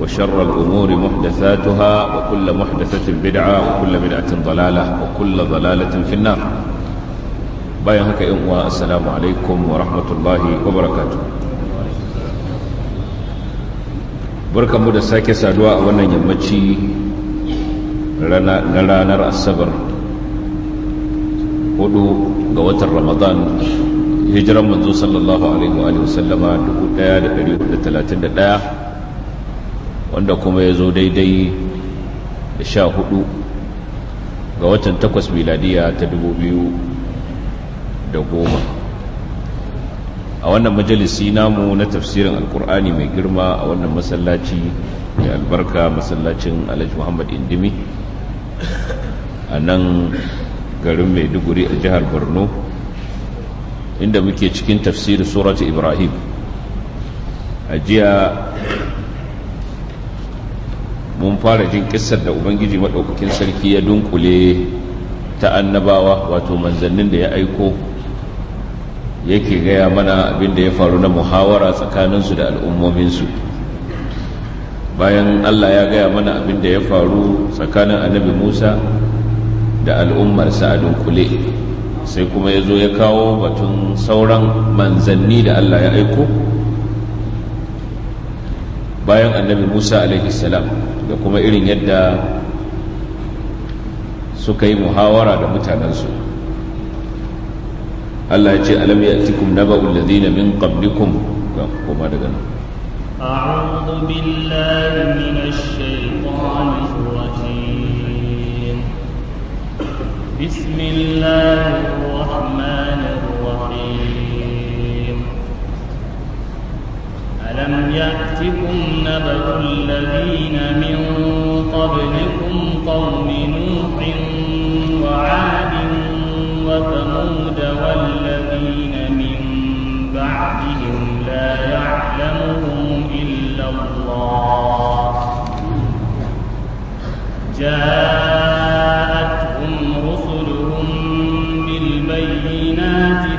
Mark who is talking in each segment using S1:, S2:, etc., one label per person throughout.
S1: وشر الأمور محدثاتها وكل محدثة بدعة وكل بدعة ضلالة وكل ضلالة في النار بايا هكا إخوة السلام عليكم ورحمة الله وبركاته بركة مدى ساكي سادواء وانا يمتشي لنا نرى الصبر hudu ga watan ramadan hijiran manzo sallallahu alaihi wa sallama 1431 wanda kuma ya zo daidai da sha hudu ga watan takwas miladiya ta dubu biyu da goma a wannan majalisi namu na tafsirin alkur'ani mai girma a wannan masallaci mai albarka masallacin alhaji muhammad indimi a nan garin maiduguri a jihar borno inda muke cikin tafsirin suratu ibrahim a jiya mun fara jin kissar da ubangiji maɗaukakin sarki ya dunkule ta annabawa wato manzannin da ya aiko yake gaya mana abin da ya faru na muhawara tsakaninsu da al'ummominsu bayan allah ya gaya mana abin da ya faru tsakanin annabi musa da al'ummarsa a dunkule sai kuma ya zo ya kawo batun sauran manzanni da allah ya aiko bayan annabi musa alaihi salam da kuma irin yadda suka yi muhawara da mutanensu allah ce alam ya tikum na ba'ul ladina min qablikum kuma daga nan
S2: أعوذ بالله من الشيطان الرجيم بسم الله الرحمن الرحيم ألم يأتكم نبأ الذين من قبلكم قوم نوح وعاد وثمود والذين من بعدهم لا يعلمهم إلا الله جاءتهم رسلهم بالبينات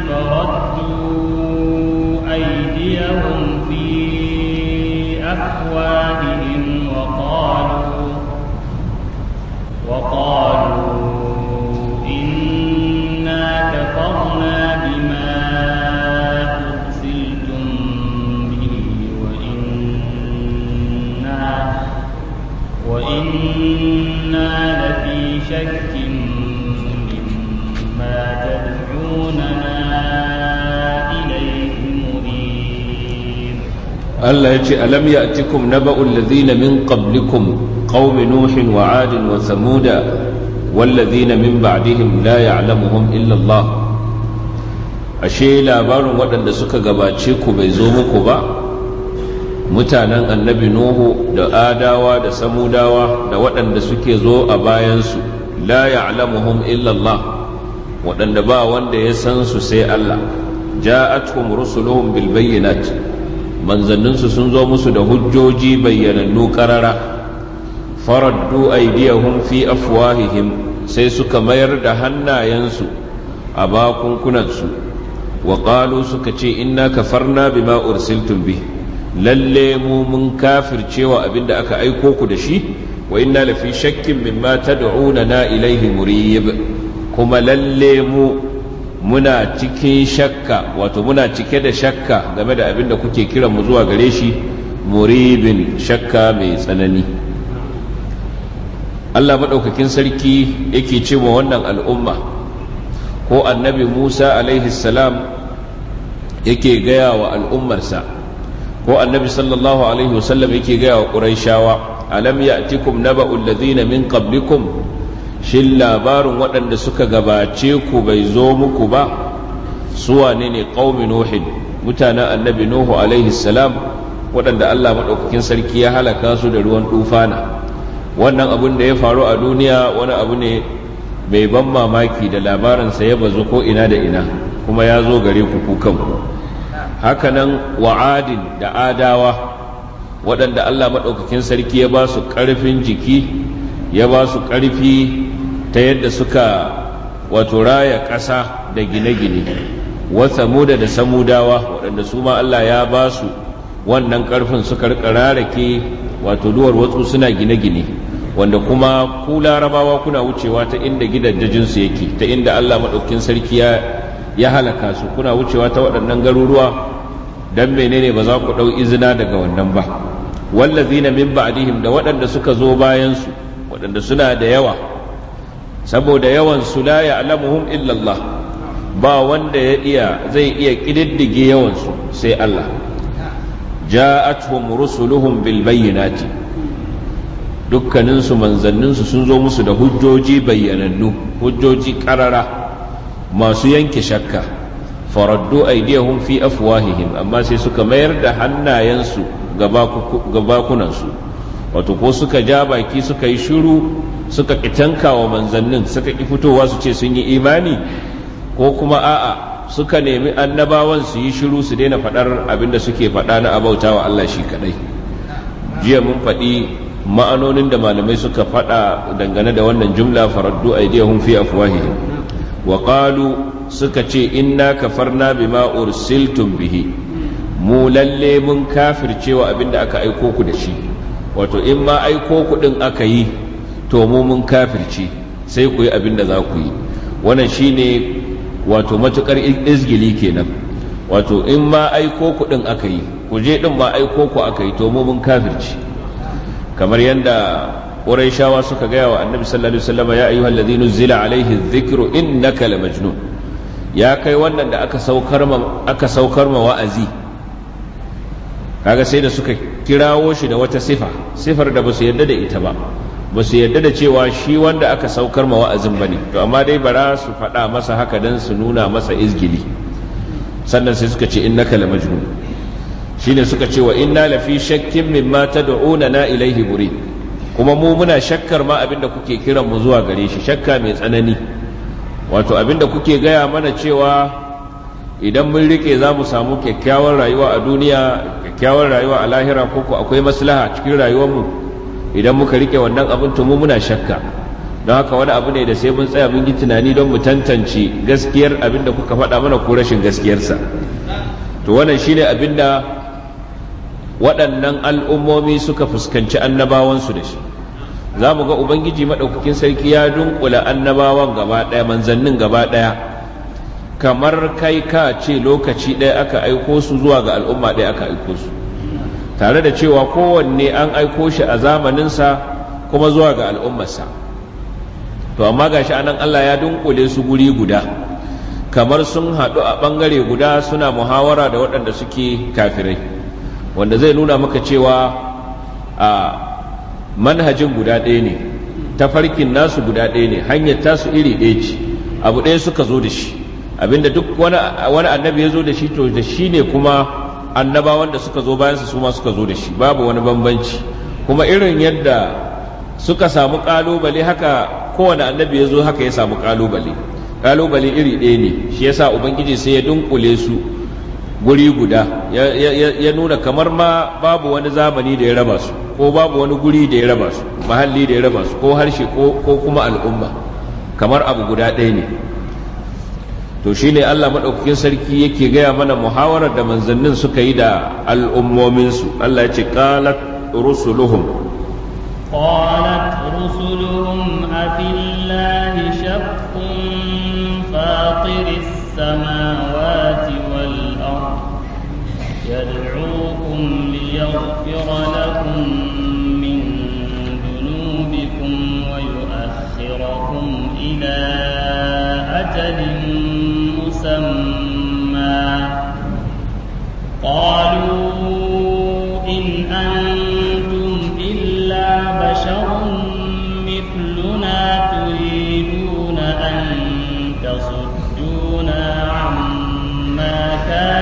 S2: إنا لفي شك مما تدعوننا إليه مريب
S1: الله يجي ألم يأتكم نبأ الذين من قبلكم قوم نوح وعاد وثمود والذين من بعدهم لا يعلمهم إلا الله ashe labarin waɗanda suka gabace ku bai zo muku ba mutanen annabi nuhu da adawa da samudawa da waɗanda suke zo a bayansu la ya'lamuhum illallah waɗanda ba wanda ya san su sai Allah ja rusuluhum bil bayyinat manzanninsu sun zo musu da hujjoji bayyanannu karara faraddu aydiyahum fi afwahihim sai suka mayar da hannayensu a bakunkunansu wa qalu suka ce inna kafarna bima ursiltum bihi lalle mu mun kafircewa abinda aka aiko ku da shi wa inna lafi shakkin mimma tad'una na ilaihi murib kuma lalle mu muna cikin shakka wato muna cike da shakka game da abinda kuke kiran mu zuwa gare shi muribin shakka mai tsanani Allah maɗaukakin sarki yake ce wa wannan al'umma ko annabi Musa alaihi salam yake gaya wa al'ummarsa ko annabi sallallahu alaihi wasallam yake gaya wa ƙuraishawa alam ya'tikum naba'ul ladina min qablikum shin labarin waɗanda suka gabace ku bai zo muku ba suwa ne ne qaumi nuhin mutanen annabi nuhu alaihi salam waɗanda Allah maɗaukakin sarki ya halaka su da ruwan tufana wannan abun da ya faru a duniya wani abu ne mai ban mamaki da labarinsa ya bazu ko ina da ina kuma ya zo gare ku ku kanku hakanan wa'adin da adawa waɗanda Allah maɗaukakin sarki ya ba su ƙarfin jiki ya ba su ƙarfi ta yadda suka wato raya ƙasa da gine-gine wata muda da samudawa waɗanda su ma Allah ya ba su wannan ƙarfin suka rika rarake wato duwar watsu suna gine-gine wanda kuma ku larabawa kuna wucewa ta inda gidajensu yake ta inda Allah maɗaukakin sarki ya halaka su kuna wucewa ta waɗannan garuruwa dan menene ba za ku ɗau izina daga wannan ba wallazina min ba'dihim da waɗanda suka zo bayan su waɗanda suna da yawa saboda yawan su la ya'lamuhum illa Allah ba wanda ya iya zai iya kididdige yawan su sai Allah ja'atuhum rusuluhum bil bayyinati dukkanin su manzannin su sun zo musu da hujjoji bayyanannu hujjoji karara masu yanke shakka faraddu aydiyahum fi afwahihim amma sai suka mayar da hannayensu ga bakunansu wato ko suka ja baki suka yi shiru suka kitanka wa manzannin suka ki fitowa su ce sun yi imani ko kuma a'a suka nemi annabawan su yi shiru su daina faɗar abinda suke faɗa na abauta wa Allah shi kaɗai jiya mun faɗi ma'anonin da malamai suka faɗa dangane da wannan jumla faraddu aydiyahum fi afwahihim wa qalu suka ce inna kafarna bima ursiltum bihi mu lalle mun kafircewa abinda aka aiko ku da shi wato in ma aiko ku din aka yi to mu mun kafirce sai ku yi abinda za ku yi wannan shine wato matukar izgili kenan wato in ma aiko ku din aka yi ku je din ma aiko ku aka yi to mu mun kafirce kamar yadda shawa suka gaya wa Annabi sallallahu alaihi wasallam ya ayyuhal ladhina nuzila alaihi dhikru innaka lamajnun ya kai wannan da aka saukar ma wa'azi kaga sai da suka kirawo shi da wata sifa sifar da ba su yarda da ita ba ba su yarda da cewa shi wanda aka saukar ma wa'azin bane to amma dai bara su faɗa masa haka dan su nuna masa izgili sannan sai suka ce innaka la majnun shine suka ce wa inna la fi shakkin mimma tad'una na ilaihi buri kuma mu muna shakkar ma abin da kuke kiran mu zuwa gare shi shakka mai tsanani wato abinda kuke gaya mana cewa idan mun rike za mu samu kyakkyawar rayuwa a duniya kyakkyawar rayuwa a lahira koko akwai maslaha cikin rayuwar mu idan muka rike wannan abin to mu muna shakka don haka wani abu ne da sai mun tsaya mun yi tunani don mu tantance gaskiyar abin da kuka faɗa mana ko rashin gaskiyarsa to wannan shine abin da waɗannan al'ummomi suka fuskanci annabawansu da shi za mu ga ubangiji maɗaukakin sarki ya dunkula annabawan gaba ɗaya manzannin gaba ɗaya kamar kai ka ce lokaci ɗaya aka aiko su zuwa ga al'umma ɗaya aka aiko su tare da cewa kowanne an aiko shi a zamaninsa kuma zuwa ga al'ummarsa to amma gashi anan Allah ya dunkule su guri guda kamar sun haɗu a ɓangare guda suna muhawara da waɗanda suke kafirai wanda zai nuna maka cewa a manhajin guda ɗaya ne tafarkin nasu guda ɗaya ne hanyar tasu iri ɗaya ce abu ɗaya suka zo da shi abinda duk wani annabi ya zo da shi to da shi ne kuma annabawan da suka zo bayansa su ma suka zo da shi babu wani bambanci kuma irin yadda suka samu ƙalubale haka kowane annabi ya zo haka ya samu ƙalubale ƙalubale iri ɗaya ne shi yasa ubangiji sai ya dunkule su guri guda ya nuna kamar ma babu wani zamani da ya raba su ko babu wani guri da ya raba su mahalli da ya raba su ko harshe ko kuma al'umma kamar abu guda ɗaya ne to shi ne Allah maɗaukakin sarki yake gaya mana muhawarar da manzannin suka yi da al'ummominsu Allah ya ce qalat rusuluhum
S2: a rusuluhum afillahi shaqqun fatiris samawati wal يدعوكم ليغفر لكم من ذنوبكم ويؤخركم إلى أجل مسمى قالوا إن أنتم إلا بشر مثلنا تريدون أن تصدونا عما كان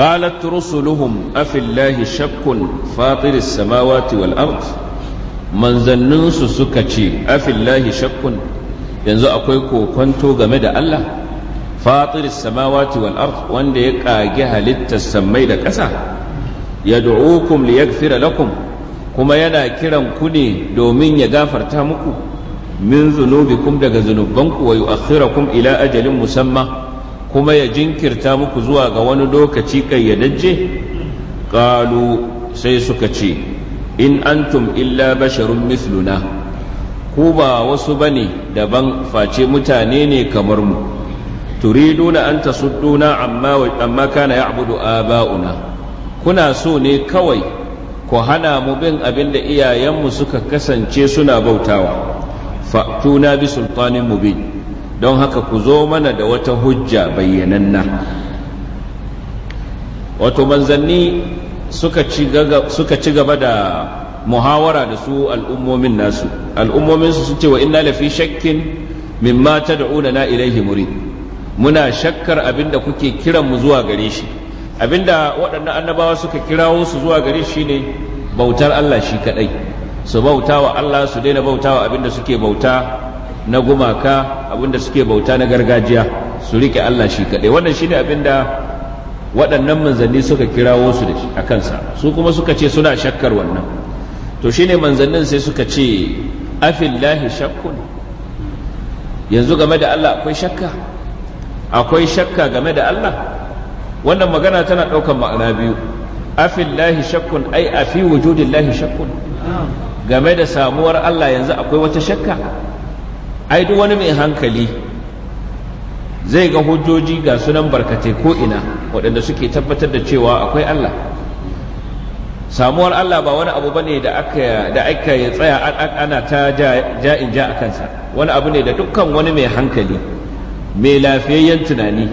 S1: قالت رسلهم أفي الله شك فاطر السماوات suka ce afillahi shakkun yanzu akwai kokonto game da Allah fatiris samawati wal wanda ya kage halittar sammai da ƙasa yad'ukum liyaghfira lakum kuma yana kiran ku ne domin ya gafarta muku min zunubi kum daga zunubanku wa kum ila ajalin musamma kuma ya jinkirta muku zuwa ga wani lokaci dajje? ƙalu sai suka ce in antum illa basharun misluna ku ba wasu bane daban face mutane ne kamar mu turiduna an tasudduna amma amma kana ya'budu aba'una kuna so ne kawai ku hana mu bin abin da iyayenmu suka kasance suna bautawa fa'tuna bi sultanin mubin don haka ku zo mana da wata hujja bayyananna wato manzanni suka ci gaba da muhawara da su al'ummomin nasu al'ummomin su ce wa inna lafi shakkin mimma tad'una na ilaihi murid muna shakkar abinda kuke kiran mu zuwa gare shi abinda waɗannan annabawa suka kirawo su zuwa gare shi ne bautar Allah shi kadai su bauta wa Allah su daina bauta wa abinda suke bauta na gumaka abinda suke bauta na gargajiya su rike Allah shi kaɗai wannan shi shine abinda waɗannan manzanni suka kirawo su da a kansa su kuma suka ce suna shakkar wannan to shi ne manzannin sai suka ce afillahi shakkun yanzu game da Allah akwai shakka akwai shakka game da Allah wannan magana tana ɗaukar ma'ana biyu afillahi shakkun ai afi wujudillahi shakkun game da samuwar Allah yanzu akwai wata shakka ai duk wani mai hankali zai ga hujjoji ga sunan barkatai ko ina waɗanda suke tabbatar da cewa akwai Allah samuwar Allah ba wani abu bane da aka da aka ya tsaya ana ta ja'in ja a kansa wani abu ne da dukkan wani mai hankali mai lafiyayyen tunani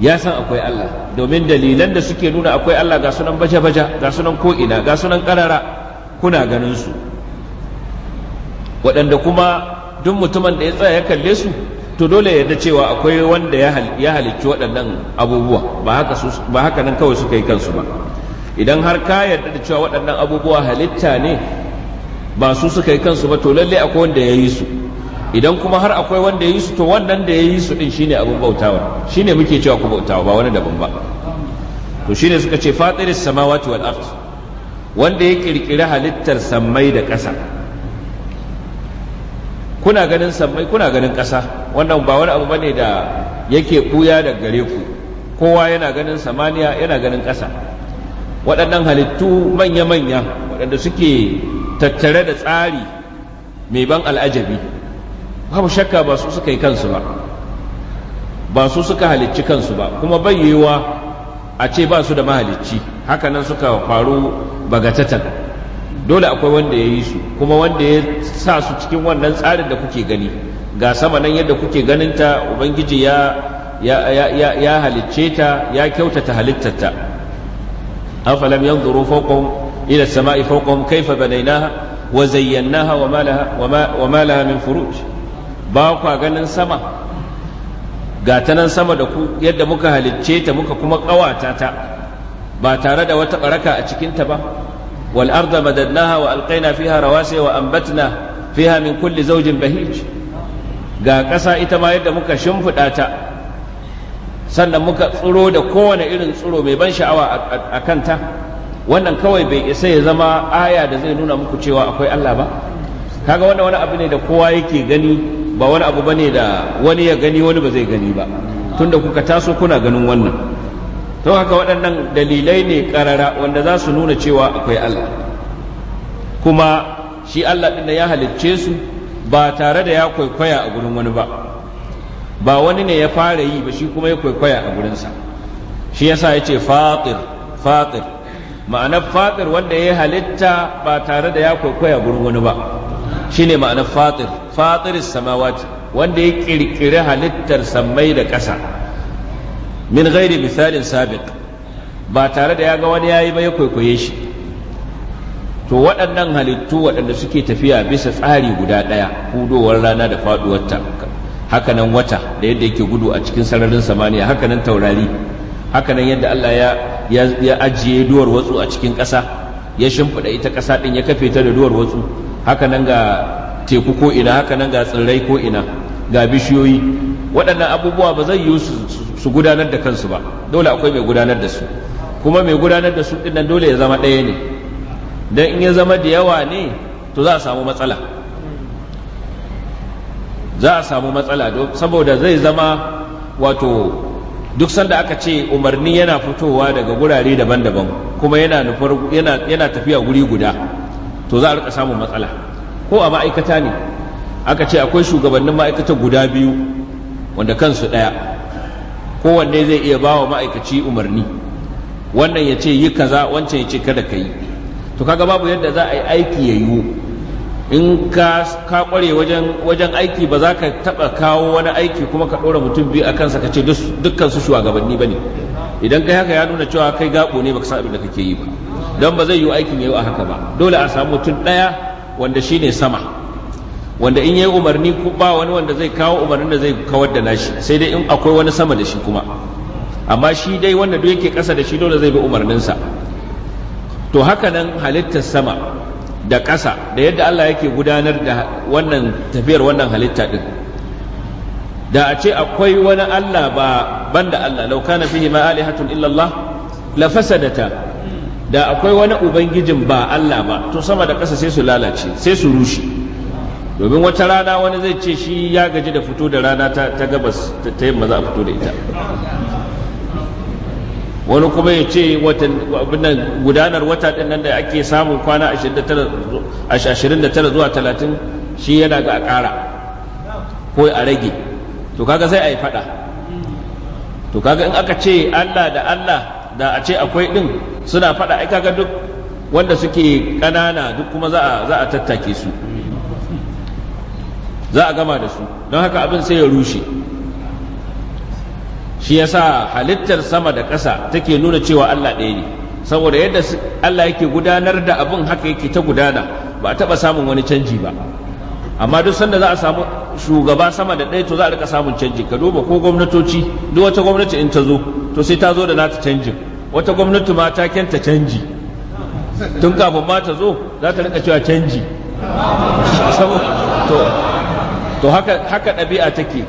S1: ya san akwai Allah domin dalilan da suke nuna akwai Allah ga sunan baje-baje ga sunan ko'ina ga sunan ƙarara kuna ganin su waɗanda kuma duk mutumin da ya tsaya ya kalle su to dole ya da cewa akwai wanda ya halicci waɗannan abubuwa ba haka nan kawai suka yi kansu ba idan har ka yarda da cewa waɗannan abubuwa halitta ne ba su suka yi kansu ba to lalle akwai wanda ya yi su idan kuma har akwai wanda ya yi su to wannan da ya yi su din shine abin bautawa shine muke cewa ku bautawa ba wani daban ba to shine suka ce fatiris samawati wal ard wanda ya kirkiri halittar sammai da ƙasa kuna ganin sammai kuna ganin ƙasa wannan ba wani abu bane da yake ɓuya da gare ku kowa yana ganin samaniya yana ganin ƙasa waɗannan halittu manya-manya waɗanda suke tattare da tsari mai ban al'ajabi babu shakka ba su suka yi kansu ba ba su suka halicci kansu ba kuma bayyewa a ce ba su da mahalicci hakanan suka faru bagatatan dole akwai wanda ya yi su kuma wanda ya sa su cikin wannan tsarin da kuke gani ga sama nan yadda kuke ganinta ubangiji ya ya halicce ta ya kyautata halittarta afalam yanzuru fawqahum ila samai fawqahum kayfa banaynaha wa zayyanaha wa malaha wa ma laha min furuj ba kwa ganin sama ga ta nan sama da ku yadda muka halicce ta muka kuma kawata ta ba tare da wata baraka a cikinta ba wal arda madannaha wa alqaina fiha rawasi wa ambatna fiha min kulli zaujin bahij ga ƙasa ita ma yadda muka shimfiɗa ta sannan muka tsiro da kowane irin tsiro mai ban sha'awa a kanta wannan kawai bai isa ya zama aya da zai nuna muku cewa akwai Allah ba kaga wannan wani abu ne da kowa yake gani ba wani abu bane da wani ya gani wani ba zai gani ba tunda kuka taso kuna ganin wannan to haka waɗannan dalilai ne ƙarara wanda za su nuna cewa akwai Allah kuma shi Allah ɗin da ya halicce su ba tare da ya kwaikwaya a gurin wani ba ba wani ne ya fara yi ba shi kuma ya kwaikwaya a gurinsa shi yasa ya ce fatir fatir ma'anar fatir wanda ya halitta ba tare da ya kwaikwaya a gurin wani ba Shi shine ma'anar fatir fatiris samawati wanda ya ƙirƙiri halittar samai da ƙasa min ghairi misalin sabiq ba tare da ya ga wani yayi ba ya kwaikwaye shi to waɗannan halittu waɗanda suke tafiya bisa tsari guda ɗaya hudowar rana da faɗuwarta hakanan wata da yadda yake gudu a cikin sararin samaniya hakanan taurari hakanan yadda Allah ya ya ajiye duwar watsu a cikin ƙasa ya shimfiɗa ita ƙasa ɗin ya kafe ta da duwar watsu hakanan ga teku ko ina hakanan ga tsirrai ko ina ga bishiyoyi waɗannan abubuwa ba zai yi su gudanar da kansu ba dole akwai mai gudanar da su kuma mai gudanar da su nan dole ya zama ɗaya ne don in ya zama da yawa ne to za a samu matsala za a samu matsala saboda zai zama wato duk sanda aka ce umarni yana fitowa daga gurare daban-daban kuma yana tafiya guri guda to za a rika samun matsala ko a ma'aikata ne aka ce akwai shugabannin ma'aikata guda biyu wanda kansu ɗaya kowanne zai iya ba wa ma'aikaci umarni wannan ya ce yi kaza wancan ya ce kada ka yi to kaga babu yadda za a yi aiki ya yiwu in ka kware wajen aiki ba za ka taɓa kawo wani aiki kuma ka ɗora mutum biyu a kansa ka ce dukkan su shugabanni ba ne idan kai haka ya nuna cewa kai gaɓo ne baka san abin da kake yi ba don ba zai yi aikin yau a haka ba dole a samu mutum ɗaya wanda shine sama wanda in yayi umarni ko ba wani wanda zai kawo umarnin da zai kawar da nashi sai dai in akwai wani sama da shi kuma amma shi dai wanda duk yake ƙasa da shi dole zai bi umarninsa to haka nan halittar sama da ƙasa da yadda Allah yake gudanar da wannan tafiyar wannan halitta din da a ce akwai wani Allah ba banda Allah lau kana fihi ma alihatun illa Allah la da akwai wani ubangijin ba Allah ba to sama da ƙasa sai su lalace sai su rushe domin wata rana wani zai ce shi ya gaji da fito da rana ta gabas ta yamma za a fito da ita wani kuma ya ce gudanar wata ɗin nan da ake samun kwana 29 zuwa 30 shi yana ga a ƙara ko a rage to kaga sai a yi fada to kaga in aka ce Allah da Allah da a ce akwai ɗin suna fada ai kaga duk wanda suke ƙanana duk kuma za a tattake su za a gama da su don haka abin sai ya rushe shi yasa halittar sama da ƙasa take nuna cewa Allah ɗaya ne saboda yadda Allah yake gudanar da abin haka yake ta gudana ba a taɓa samun wani canji ba amma duk sanda za a samu shugaba sama da ɗaya to za a rika samun canji ka duba ko gwamnatoci duk wata gwamnati in ta zo to sai ta zo da nata canjin wata gwamnati ma ta kenta canji tun kafin ma ta zo za ta rika cewa canji to haka haka ɗabi'a take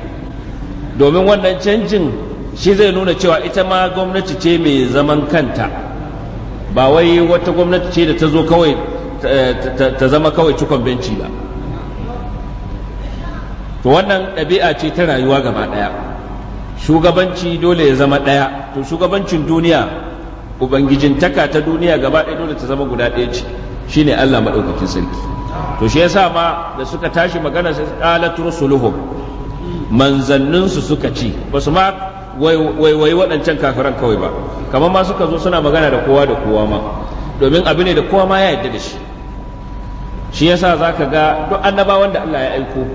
S1: domin wannan canjin shi zai nuna cewa ita ma gwamnati ce mai zaman kanta ba wai wata gwamnati ce da ta zo kawai ta zama kawai cikon benci ba to wannan ɗabi'a ce ta rayuwa gaba ɗaya shugabanci dole ya zama ɗaya to shugabancin duniya ubangijin taka ta duniya gaba ɗaya dole ta zama guda ɗaya ce shine Allah maɗaukakin sarki to shi yasa ma da suka tashi magana sai qalat rusuluhum manzannin su suka ci basu ma wai waɗancan kafiran kawai ba kamar ma suka zo suna magana da kowa da kowa ma domin abu ne da kowa ma ya yarda da shi shi yasa zaka ga duk annaba wanda Allah ya aiko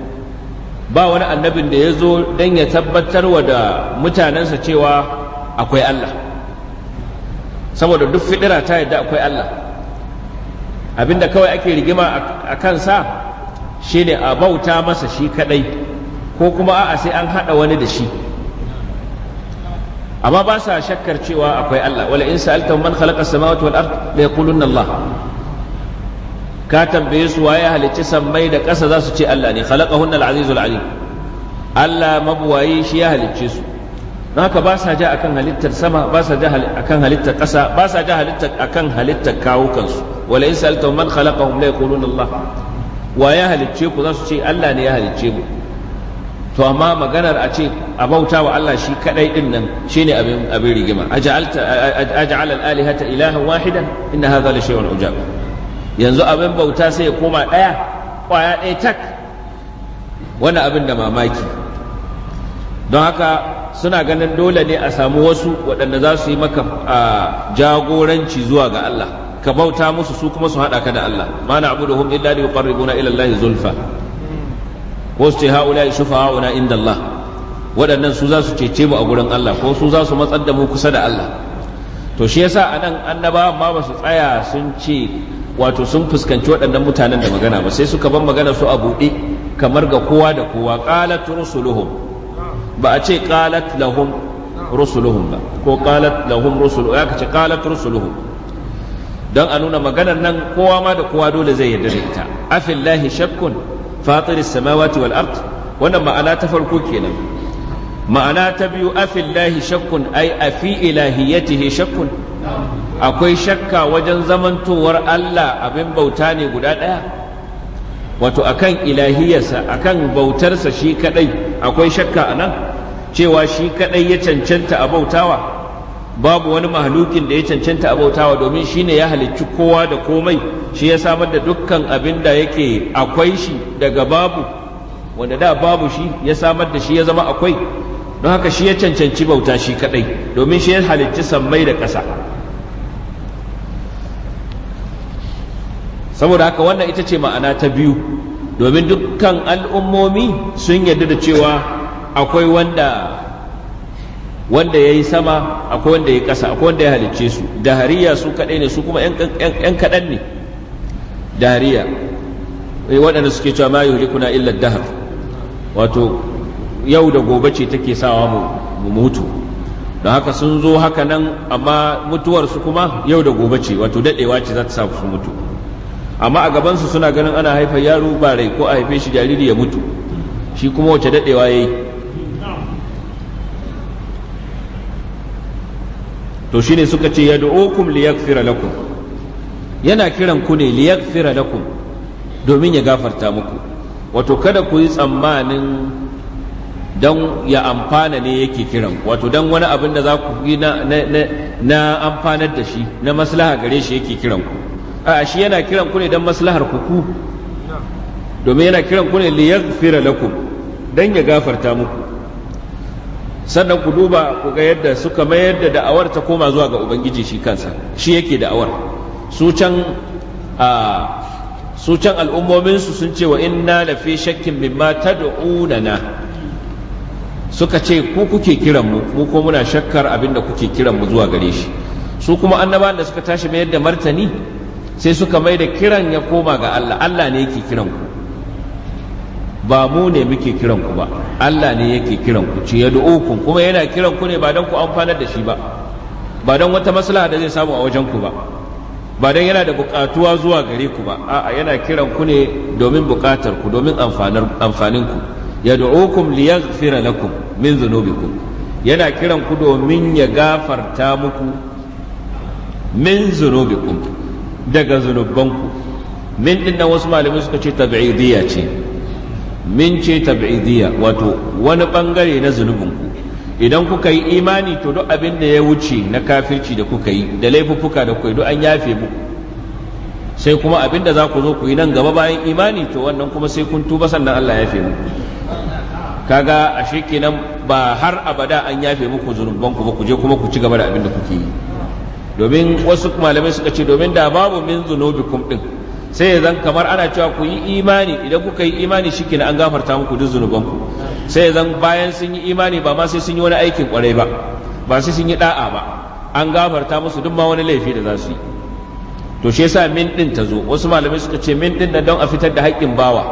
S1: ba wani annabin da ya zo don ya tabbatar wa da mutanensa cewa akwai Allah saboda duk fidira ta yadda akwai Allah abinda kawai ake rigima a kansa shine a bauta masa shi kadai ko kuma a'a sai an hada wani da shi amma ba sa shakkar cewa akwai Allah wala in sa'altahum man khalaqa as-samawati wal ard la yaquluna Allah ka tambaye su waye halicci sammai da ƙasa za su ce Allah ne khalaqahunna al-azizul alim Allah mabuwayi shi ya halicce su don haka ba sa ja akan halittar sama ba sa ja akan halittar ƙasa ba sa ja halittar akan halittar kawukansu wala in sa'altahum man khalaqahum la yaquluna Allah wa ya halicce ku za su ce Allah ne ya halicce mu to amma maganar a ce a bauta wa Allah shi kadai din nan shine abin abin rigima aj'alta aj'al al-alihata ilahan wahidan inna hadha la shay'un ujab yanzu abin bauta sai ya koma daya kwaya daya tak wani abin da mamaki don haka suna ganin dole ne a samu wasu waɗanda za su yi maka a jagoranci zuwa ga Allah ka bauta musu su kuma su hada ka da Allah ma na'buduhum illa liqarribuna ila Allah zulfa ko su ce haula shufa'auna inda Allah waɗannan su za su cece mu a gurin Allah ko su za su matsar da mu kusa da Allah to shi yasa anan annabawan ma ba su tsaya sun ce wato sun fuskanci waɗannan mutanen da magana ba sai suka ban magana su a buɗe kamar ga kowa da kowa qalat rusuluhum ba a ce qalat lahum rusuluhum ba ko qalat lahum rusuluhum ya ce qalat rusuluhum don a nuna maganar nan kowa ma da kowa dole zai yarda da ita afillahi shakkun fatir samawati wal ard wannan ma'ana ta farko kenan ma'ana ta biyu afillahi shakkun ai afi ilahiyatihi shakkun akwai shakka wajen zamantowar Allah abin bauta ne guda ɗaya wato akan ilahiyarsa akan bautarsa shi kadai akwai shakka a nan cewa shi kadai ya cancanta a bautawa babu wani mahalukin da ya cancanta abautawa domin shi ne ya halicci kowa da komai shi ya samar da dukkan abin da yake akwai shi daga babu wanda da babu shi ya samar da shi ya zama akwai don haka shi ya cancanci bauta shi kadai domin shi ya halicci sammai da ƙasa saboda haka wannan ita ce ma'ana ta biyu domin dukkan al'ummomi sun yarda da cewa akwai wanda wanda ya yi sama akwai wanda ya ƙasa akwai wanda ya halicce su dahariya su kaɗai ne su kuma ‘yan kaɗan ne dahariya eh, waɗanda suke cewa ma yuhlikuna illa dahar wato yau da gobe ce take sawa mu mutu don haka sun zo haka nan amma mutuwarsu kuma yau da gobe ce wato daɗewa ce za ta sa su mutu amma a gabansu suna ganin ana haifa yaro ba rai ko a haife shi jariri ya mutu shi kuma wace daɗewa ya yi to shine suka ce yad'ukum liyaghfira lakum yana kiran ku ne liyaghfira lakum domin ya gafarta muku wato kada ku yi tsammanin don ya amfana ne yake kiran wato dan wani abin da za ku yi na, amfanar da shi na maslaha gare shi yake kiran ku a shi yana kiran ku ne don maslahar ku ku domin yana kiran ku ne liyaghfira lakum don ya gafarta muku sannan ku duba ku ga yadda suka mayar da da'awar ta koma zuwa ga ubangiji shi kansa shi yake da'awar su can a su can al'ummominsu sun ce wa inna fi shakkin mimma tad'unana suka ce ku kuke kiran mu mu ko muna shakkar abin da kuke kiran mu zuwa gare shi su kuma annabawan da suka tashi mayar da martani sai suka mai da kiran ya koma ga Allah Allah ne yake kiran ku ba mu ne muke kiran ku ba Allah ne yake kiran ku ci ya du'ukum kuma yana kiran ku ne ba don ku amfanar da shi ba ba don wata maslaha da zai samu a wajen ku ba ba don yana da bukatuwa zuwa gare ku ba a'a yana kiran ku ne domin bukatar ku domin amfanin ku ya du'ukum liyaghfira lakum min dhunubikum yana kiran ku domin ya gafarta muku min zunubikum daga zunubanku min din wasu malamai suka ce tabi'idiyya ce min ce tab'idiyya wato wani bangare na zunubinku idan kuka yi imani to duk abin da ya wuce na kafirci da kuka yi da laifuffuka da kuka yi duk an yafe muku sai kuma abin da za ku zo ku yi nan gaba bayan imani to wannan kuma sai kun tuba sannan Allah ya yafe mu kaga ashe kenan ba har abada an yafe muku zunubanku ba ku je kuma ku ci gaba da abin da kuke yi domin wasu malamai suka ce domin da babu min zunubikum din sai ya zan kamar ana cewa ku yi imani idan kuka yi imani na an gafarta muku duk zunubanku sai ya zan bayan sun yi imani ba ma sai sun yi wani aikin kwarai ba ba sai sun yi da'a ba an gafarta musu duk ma wani laifi da za su yi to shi yasa min din ta zo wasu malamai suka ce min din da don a fitar da haƙƙin bawa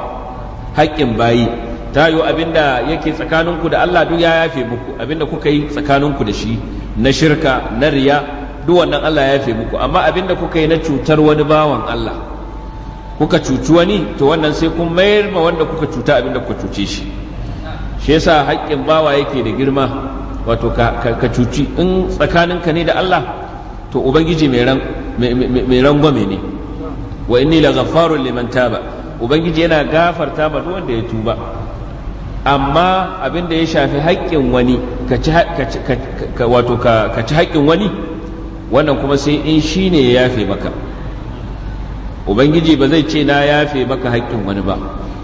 S1: haƙƙin bayi ta yi abinda yake tsakaninku da Allah duk ya yafe muku abinda kuka yi tsakaninku da shi na shirka na riya duk wannan Allah ya yafe muku amma abinda kuka yi na cutar wani bawan Allah kuka cuci wani to wannan sai kun mayar ma wanda kuka cuta abinda kuka cuce shi shi yasa haƙƙin bawa yake da girma wato ka cuci in tsakaninka ne da Allah to ubangiji mai rangwame ne wa inni la ghaffarun liman taba ubangiji yana gafarta ma wanda ya tuba amma abin da ya shafi haƙƙin wani wato ka ci haƙƙin wani wannan kuma sai in shine ya yafe maka ubangiji ba zai ce na yafe maka hakkin wani ba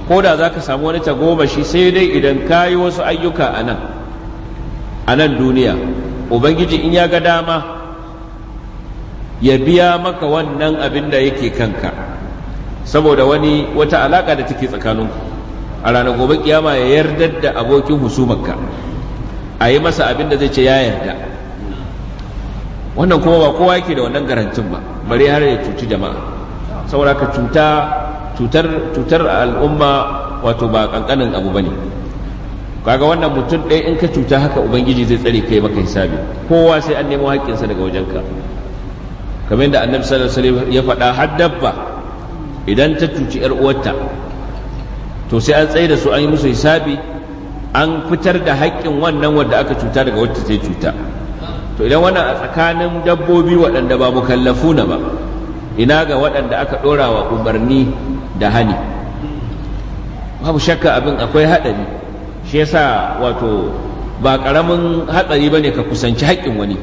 S1: ko da za ka samu wani shi, sai dai idan ka yi wasu ayyuka a nan a nan duniya ubangiji in ya ga dama ya biya maka wannan abin da yake kanka saboda wani wata alaƙa da take tsakaninku a ranar gobe kiyama ya yarda da abokin husumarka a yi masa abin da zai ce ya yarda wannan kuma ba kowa yake da wannan garantin ba bari har ya cuci jama'a saboda ka cuta cutar cutar al'umma wato ba kankanin abu bane kaga wannan mutum ɗaya in ka cuta haka ubangiji zai tsare kai maka hisabi kowa sai an nemo haƙƙinsa daga wajenka kamar yadda annabi sallallahu alaihi wasallam ya faɗa har dabba idan ta cuci yar uwarta to sai an tsaye da su an yi musu hisabi an fitar da haƙƙin wannan wanda aka cuta daga wacce sai cuta to idan wannan a tsakanin dabbobi waɗanda ba mukallafuna ba ina ga waɗanda aka ɗora wa umarni da hani babu shakka abin akwai haɗari shi yasa wato ba ƙaramin haɗari ba ne ka kusanci haƙƙin wani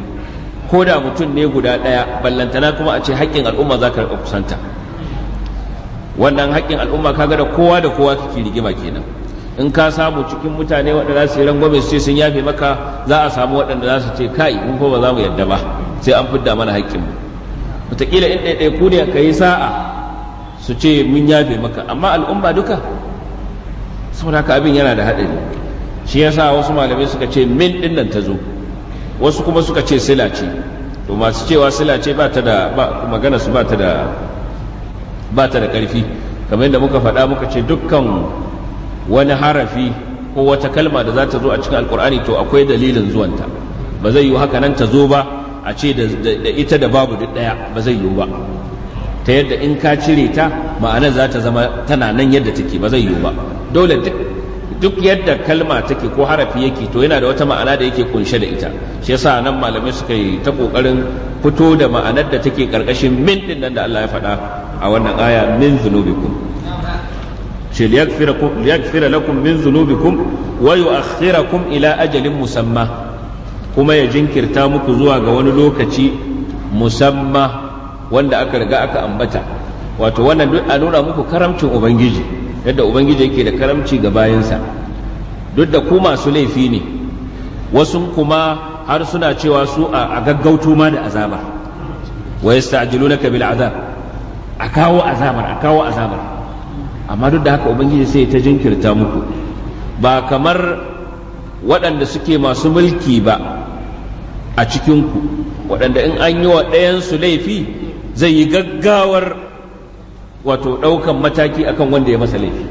S1: ko da mutum ne guda ɗaya ballantana kuma a ce haƙƙin al'umma za ka kusanta wannan haƙƙin al'umma kaga da kowa da kowa kake rigima kenan in ka samu cikin mutane waɗanda za su yi rangwame su ce sun yafe maka za a samu waɗanda za su ce kai mun ko ba za mu yadda ba sai an fidda mana haƙƙinmu mu wataƙila in ku ne ka yi sa'a su ce mun yafe maka amma al'umma duka saboda haka abin yana da haɗari shi sa wasu malamai suka ce min ɗin nan ta zo wasu kuma suka ce sila to masu cewa silace ce ba ta da magana su ba ta da ba ta da ƙarfi kamar yadda muka faɗa muka ce dukkan wani harafi ko wata kalma da za ta zo a cikin alkur'ani to akwai dalilin zuwanta ba zai yi haka nan ta zo ba a ce da ita da babu duk ɗaya ba zai yiwu ba ta yadda in ka cire ta ma'anar za ta zama tana nan yadda take ba zai yiwu ba dole duk yadda kalma take ko harafi yake to yana da wata ma'ana da yake kunshe da ita shi yasa nan malamai suka yi ta kokarin fito da ma'anar da take karkashin min din nan da Allah ya faɗa a wannan aya min zunubikum shi liyagfira lakum min zunubikum wa yu'akhirakum ila ajalin musamma kuma ya jinkirta muku zuwa ga wani lokaci musamma wanda aka riga aka ambata wato wannan duk a nuna muku karamcin ubangiji yadda ubangiji yake da karamci ga bayansa duk da ku masu laifi ne wasu kuma har suna cewa su a gaggauto ma da azaba wa yasta'jilunaka bil azab a kawo azabar a kawo azabar amma duk da haka ubangiji sai ta jinkirta muku ba kamar waɗanda suke masu mulki ba a cikinku waɗanda in an yi wa ɗayansu laifi zai yi gaggawar wato ɗaukan mataki akan wanda ya masa laifi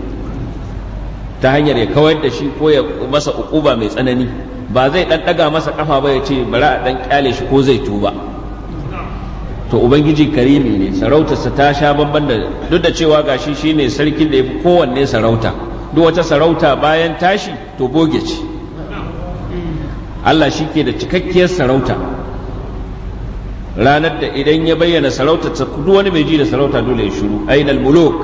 S1: ta hanyar ya kawar da shi ko ya masa ukuba mai tsanani ba zai ɗan ɗaga masa ƙafa ba ya ce bari a ɗan ƙyale shi ko zai tuba to ubangiji karimi ne sarautarsa ta sha bamban da duk da cewa gashi ne sarkin da ya fi kowanne sarauta duk wata sarauta bayan tashi to boge ce Allah shi ke da cikakkiyar sarauta ranar da idan ya bayyana sarauta duk wani mai ji da sarauta dole ya shuru ainal muluk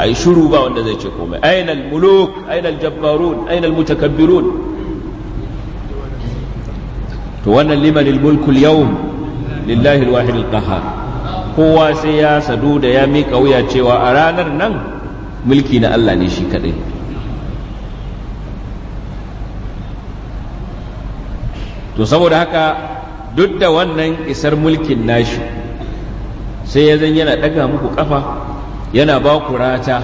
S1: a yi shuru ba wanda zai ce komai ainal muluk ainal jabbarun ainal mutakabbirun to wannan liman mulku al lillahi al-wahid al-qahhar kowa sai ya sadu da ya miƙa wuya cewa a ranar nan mulki na Allah ne shi kadai to saboda haka duk da wannan isar mulkin nashi sai ya zan yana ɗaga muku ƙafa yana ba ku rata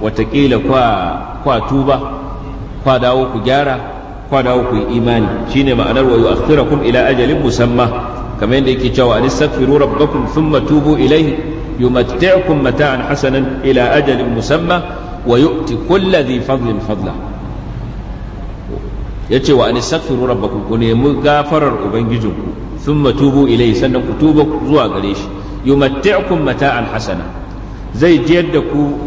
S1: watakila kwa tuba kwa dawo ku gyara kwa dawo ku yi imani shine ma'anar wa yu'akhirakum ila ajalin musamma kamar yadda yake cewa an istaghfiru rabbakum thumma tubu ilayhi yumatti'ukum mata'an hasanan ila ajalin musamma wa yu'ti kulli dhi fadlin fadla ya ce wa anistaghfiru rabbakum ku nemi gafarar ubangijinku sun matubu ilai sannan ku tuba zuwa gare shi yumatti'ukum mata'an hasana zai jiyar da ku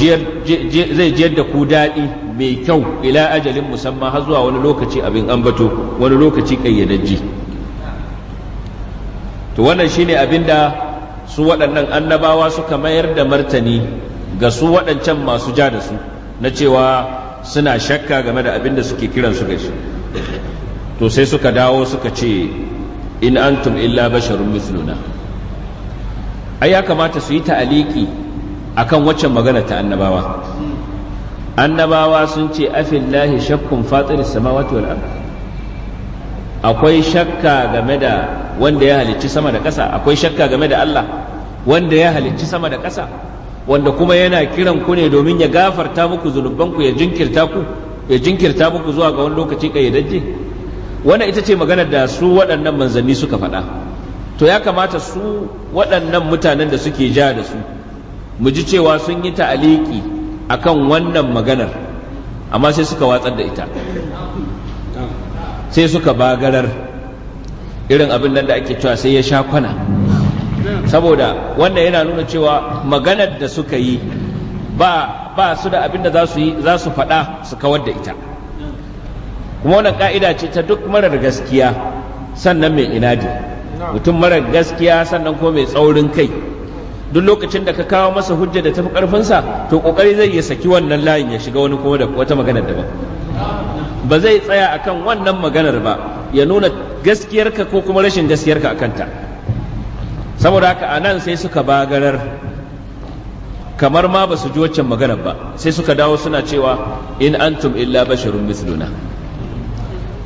S1: zai jiyar da ku daɗi mai kyau ila ajalin musamman har zuwa wani lokaci abin ambato wani lokaci kayyadajji to wannan shine da su waɗannan annabawa suka mayar da martani ga su waɗancan masu ja da su na cewa suna shakka game da abin da suke kiran su gashi to sai suka dawo suka ce in antum illa basharun misluna ai ya kamata su yi ta'aliki akan waccan magana ta annabawa annabawa sun ce afillahi shakkun fatir samawati wal ard akwai shakka game da wanda ya halicci sama da ƙasa akwai shakka game da Allah wanda ya halicci sama da ƙasa wanda kuma yana kiran ku ne domin ya gafarta muku zunubanku ya jinkirta ku ya jinkirta muku zuwa ga wani lokaci kayyadajje wannan ita ce maganar da su waɗannan manzanni suka faɗa to ya kamata su waɗannan mutanen da suke ja da su mu ji cewa sun yi ta'aliki akan wannan maganar amma sai suka watsar da ita sai suka bagarar irin abin nan da ake cewa sai ya sha kwana saboda wanda yana nuna cewa maganar da suka yi ba ba su da abin da za su yi za su faɗa su kawar da ita kuma wannan ka'ida ce ta duk marar gaskiya sannan mai inadi mutum marar gaskiya sannan ko mai tsaurin kai duk lokacin da ka kawo masa hujja da tafi karfinsa to kokari zai ya saki wannan layin ya shiga wani kuma da wata maganar daban ba zai tsaya akan wannan maganar ba ya nuna gaskiyarka ko kuma rashin gaskiyarka akan ta saboda haka a nan sai suka bagarar kamar ma ba su ji waccan magana ba sai suka dawo suna cewa in antum illa basharun misluna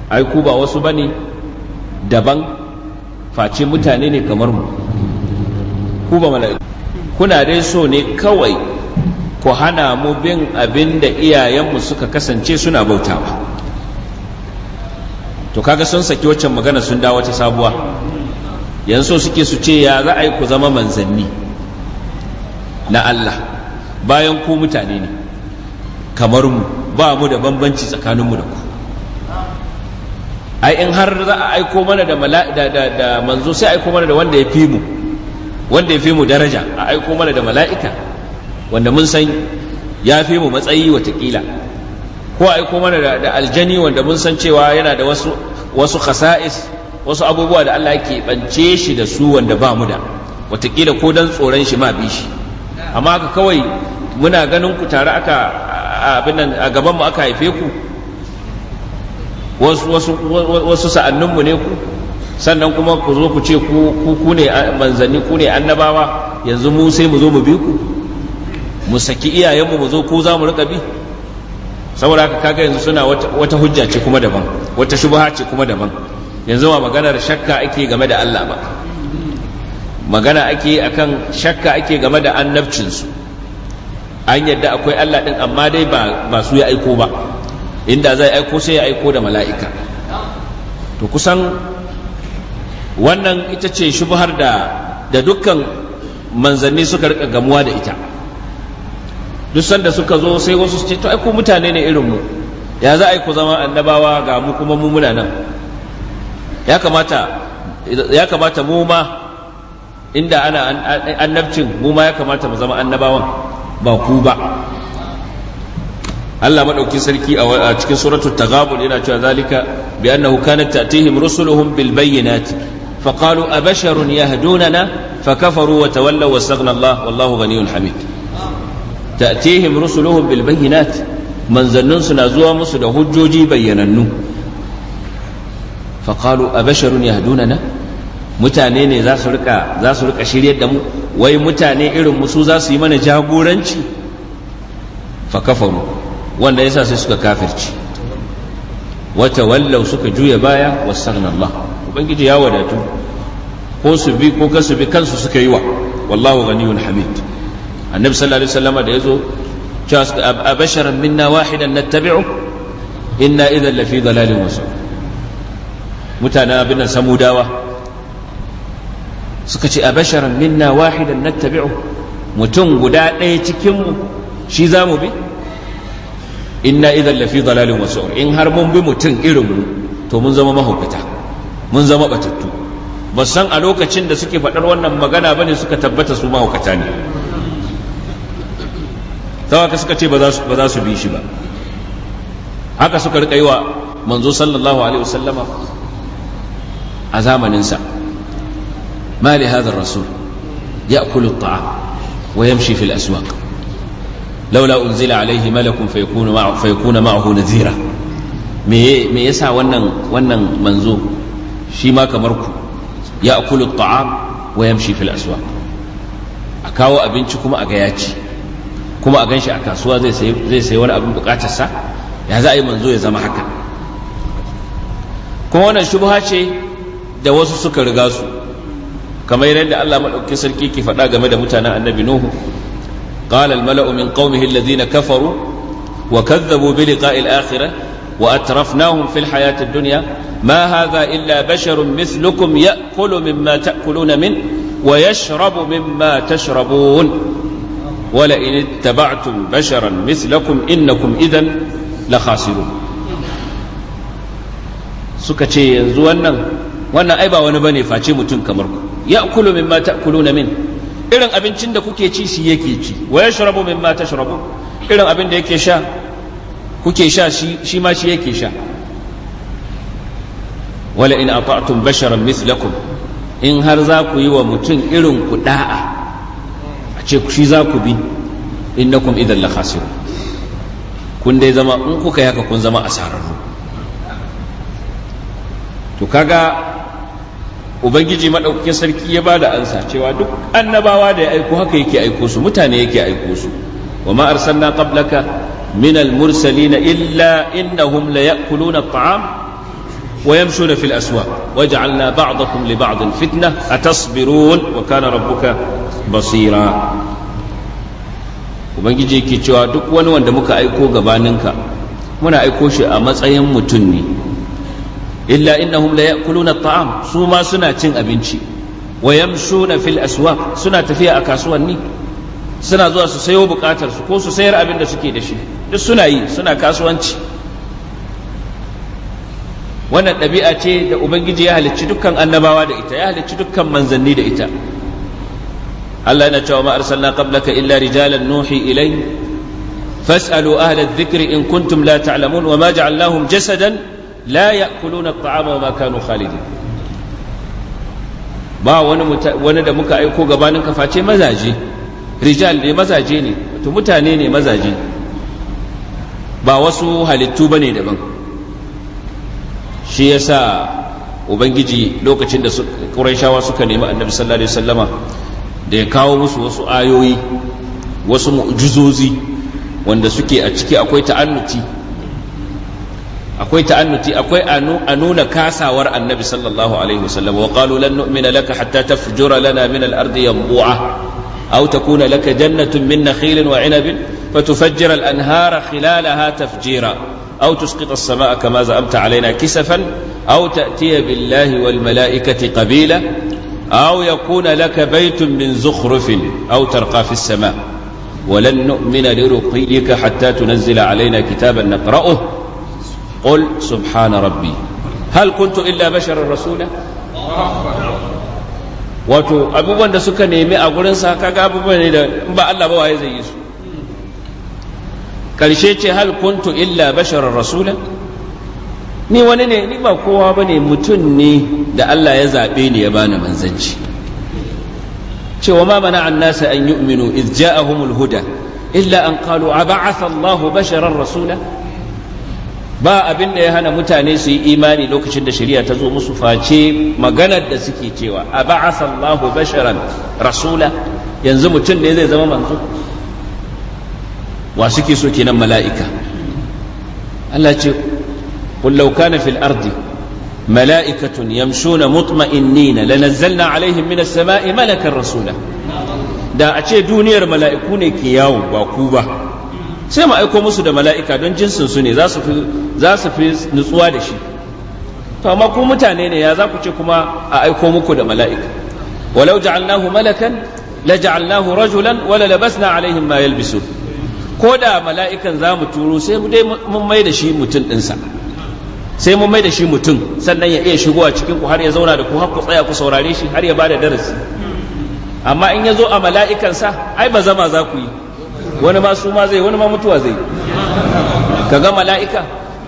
S1: ai ku ba wasu ba ne daban face mutane ne kamar mu ku ba mala'iku kuna dai so ne kawai ku hana mu bin abin da iyayenmu suka kasance suna bautawa to kaga sun saki waccan magana sun dawo ta sabuwa yanzu suke su ce ya za a yi ku zama manzanni na Allah bayan ku mutane ne kamar mu ba mu da bambanci tsakaninmu da ku ai in har za a aiko mana da da manzo sai aiko mana da wanda ya fi mu wanda ya fi mu daraja a aiko mana da mala'ika wanda mun san ya fi mu matsayi watakila ko aiko mana da aljani wanda mun san cewa yana da wasu wasu khasa'is wasu abubuwa da Allah ke bance shi da su wanda ba mu da watakila ko dan tsoron shi ma bi shi amma ka kawai muna ganin ku tare aka abin nan a gaban mu aka haife ku wasu wasu sa'annin mu ne ku sannan kuma ku zo ku ce ku ku ne manzanni ku ne annabawa yanzu mu sai mu zo mu bi ku mu saki iyayenmu mu zo ku za mu rika bi saboda haka kaga yanzu suna wata hujja ce kuma daban wata shubha ce kuma daban yanzu ma maganar shakka ake game da Allah ba magana ake akan shakka ake game da annabcinsu an yadda akwai Allah ɗin amma dai ba su ya aiko ba inda zai aiko sai ya aiko da mala'ika to kusan wannan ita ce shubhar da da dukkan manzanni suka rika gamuwa da ita duk sanda suka zo sai wasu su ce to aiko mutane ne irin mu ya za a ku zama annabawa ga mu kuma mu muna nan ya kamata ya kamata mu ma inda ana annabcin mu ma ya kamata mu zama annabawan ba ku ba Allah madauki sarki a cikin suratul taghabun yana cewa zalika bi annahu kanat ta'tihim rusuluhum bil bayyinati فقالوا أبشر يهدوننا فكفروا وتولوا واستغنى الله والله غني faqalu abasharun yahdunana mutane ne za su rika za su rika shiryar da mu wai mutane irin musu za su yi mana jagoranci fa kafaru wanda yasa sai suka kafirci wata wallau suka juya baya wasan Allah ubangiji ya wadatu ko su bi ko ka su bi kansu suka yi wa wallahu ghaniyun hamid annabi sallallahu alaihi wasallama da yazo cewa abasharan minna wahidan nattabi'u inna idan lafi dalalin wasu mutanen abin nan samudawa suka ce a basharan minna wahidan nattabi'u mutum guda ɗaya cikinmu shi za mu bi inna idan lafi dalalin wasu in har mun bi mutum irinmu to mun zama mahaukata mun zama batattu ba san a lokacin da suke faɗar wannan magana ba ne suka tabbata su mahaukata ne tawaka suka ce ba za su bi shi ba haka suka riƙa yi wa manzo sallallahu alaihi wasallama عزامن ننسى ما لهذا الرسول يأكل الطعام ويمشي في الأسواق لولا أنزل عليه ملك فيكون معه فيكون معه نذيرا مي مي يسع ونن ونن منزوه شي ما كمركو يأكل الطعام ويمشي في الأسواق أكاو أبنتي كما أجياتي كما أجنش أكاسوا زي سي زي سي ولا أبن بقعة سا يا زاي منزوه يا زما كونا شبهة شيء da wasu suka riga su kamar yadda Allah madaukakin sarki ke faɗa game da mutanen annabi nuhu قال الملأ من قومه الذين كفروا وكذبوا بلقاء الآخرة وأترفناهم في الحياة الدنيا ما هذا إلا بشر مثلكم يأكل مما تأكلون منه ويشرب مما تشربون ولئن اتبعتم بشرا مثلكم إنكم إذا لخاسرون سكتي زوانا wannan ai ba wani bane face mutum kamar ku min ya'kulu mimma ta'kuluna min irin abincin da kuke ci shi yake ci wa yashrabu mimma tashrabu irin abin da yake sha kuke sha shi shi ma shi yake sha wala in ata'tum basharan mislakum in har za ku yi wa mutum irin ku da'a a ce shi za ku bi innakum idan la khasirun kun dai zama in kuka yi haka kun zama asararru to kaga ubangiji madaukakin sarki ya bada ansa cewa duk annabawa da ya aiko haka yake aiko su mutane yake aiko su wa ma arsalna qablaka min al mursalina illa innahum la ya'kuluna at-ta'am wa yamshuna fil aswaq waj'alna ba'dakum li ba'd fitna atasbirun wa kana rabbuka basira ubangiji yake cewa duk wani wanda muka aiko gabaninka muna aiko shi a matsayin mutum ne illa innahum la ya'kuluna at'am su ma suna cin abinci wa yamshuna fil aswaq suna tafiya a kasuwanni suna zuwa su sayo bukatar su ko su sayar abin da suke da shi duk suna yi suna kasuwanci wannan ɗabi'a ce da ubangiji ya halicci dukkan annabawa da ita ya halicci dukkan manzanni da ita Allah yana cewa ma arsalna qablaka illa rijalan nuhi ilai fas'alu ahla dhikri in kuntum la ta'lamun wa ma ja'alnahum jasadan la ya'kuluna at'ama wa ma kanu khalidin ba wani wani da muka aiko gabanin ka face mazaje rijal ne mazaje ne to mutane ne mazaje ba wasu halittu bane daban shi yasa ubangiji lokacin da ƙurayshawa suka nemi annabi sallallahu alaihi wasallama da ya kawo musu wasu ayoyi wasu mu'jizozi wanda suke a ciki akwai ta'annuci akwai ta'annuti akwai a nuna kasawar annabi sallallahu alaihi wasallam wa qalu lan nu'mina laka hatta tafjura lana min al-ardi yanbu'a aw takuna laka jannatun min nakhilin wa 'inabin fatufajjira al-anhara khilalaha tafjira aw tusqita as-samaa'a kama za'amta alaina kisafan aw ta'tiya billahi wal mala'ikati qabila aw yakuna laka baytun min zukhrufin aw tarqa fi as samaa ولن نؤمن لرقيك حتى تنزل علينا كتابا نقرأه qul subhana rabbi hal kuntu illa basharar rasula wato abubuwan da suka nemi a gurinsa kaga abubuwan ne da ba Allah ba waye zai yi su karshe ce hal kuntu illa basharar rasula ni wani ne ni ba kowa ba ne mutum ne da Allah ya zaɓe ni ya bani manzanci cewa ma mana an nasa an yi yu'minu iz ja'ahumul huda illa an qalu aba'atha Allah basharar rasula ba abin da ya hana mutane su yi imani lokacin da shari'a ta zo musu face maganar da suke cewa a ba'asa basharan rasula yanzu mutum ne zai zama manzo wa suke so kenan mala'ika Allah ce qul law kana fil ardi mala'ikatun yamshuna mutma'innina lanazzalna alaihim minas sama'i malakan rasula da a ce duniyar mala'iku ne ke yawo ba ku ba sai mu aiko musu da mala'ika don jinsin su ne za su fi nutsuwa da shi to amma ku mutane ne ya za ku ce kuma a aiko muku da mala'ika walau ja'alnahu malakan la ja'alnahu rajulan wala labasna alaihim ma yalbisu ko da mala'ikan za mu turo sai mu dai mun mai da shi mutum ɗinsa sai mun mai da shi mutum sannan ya iya shigowa cikin ku har ya zauna da ku har ku tsaya ku saurare shi har ya ba da darasi amma in ya zo a mala'ikansa ai ba zama za ku yi wani ma su ma zai wani ma mutuwa zai ka ga mala'ika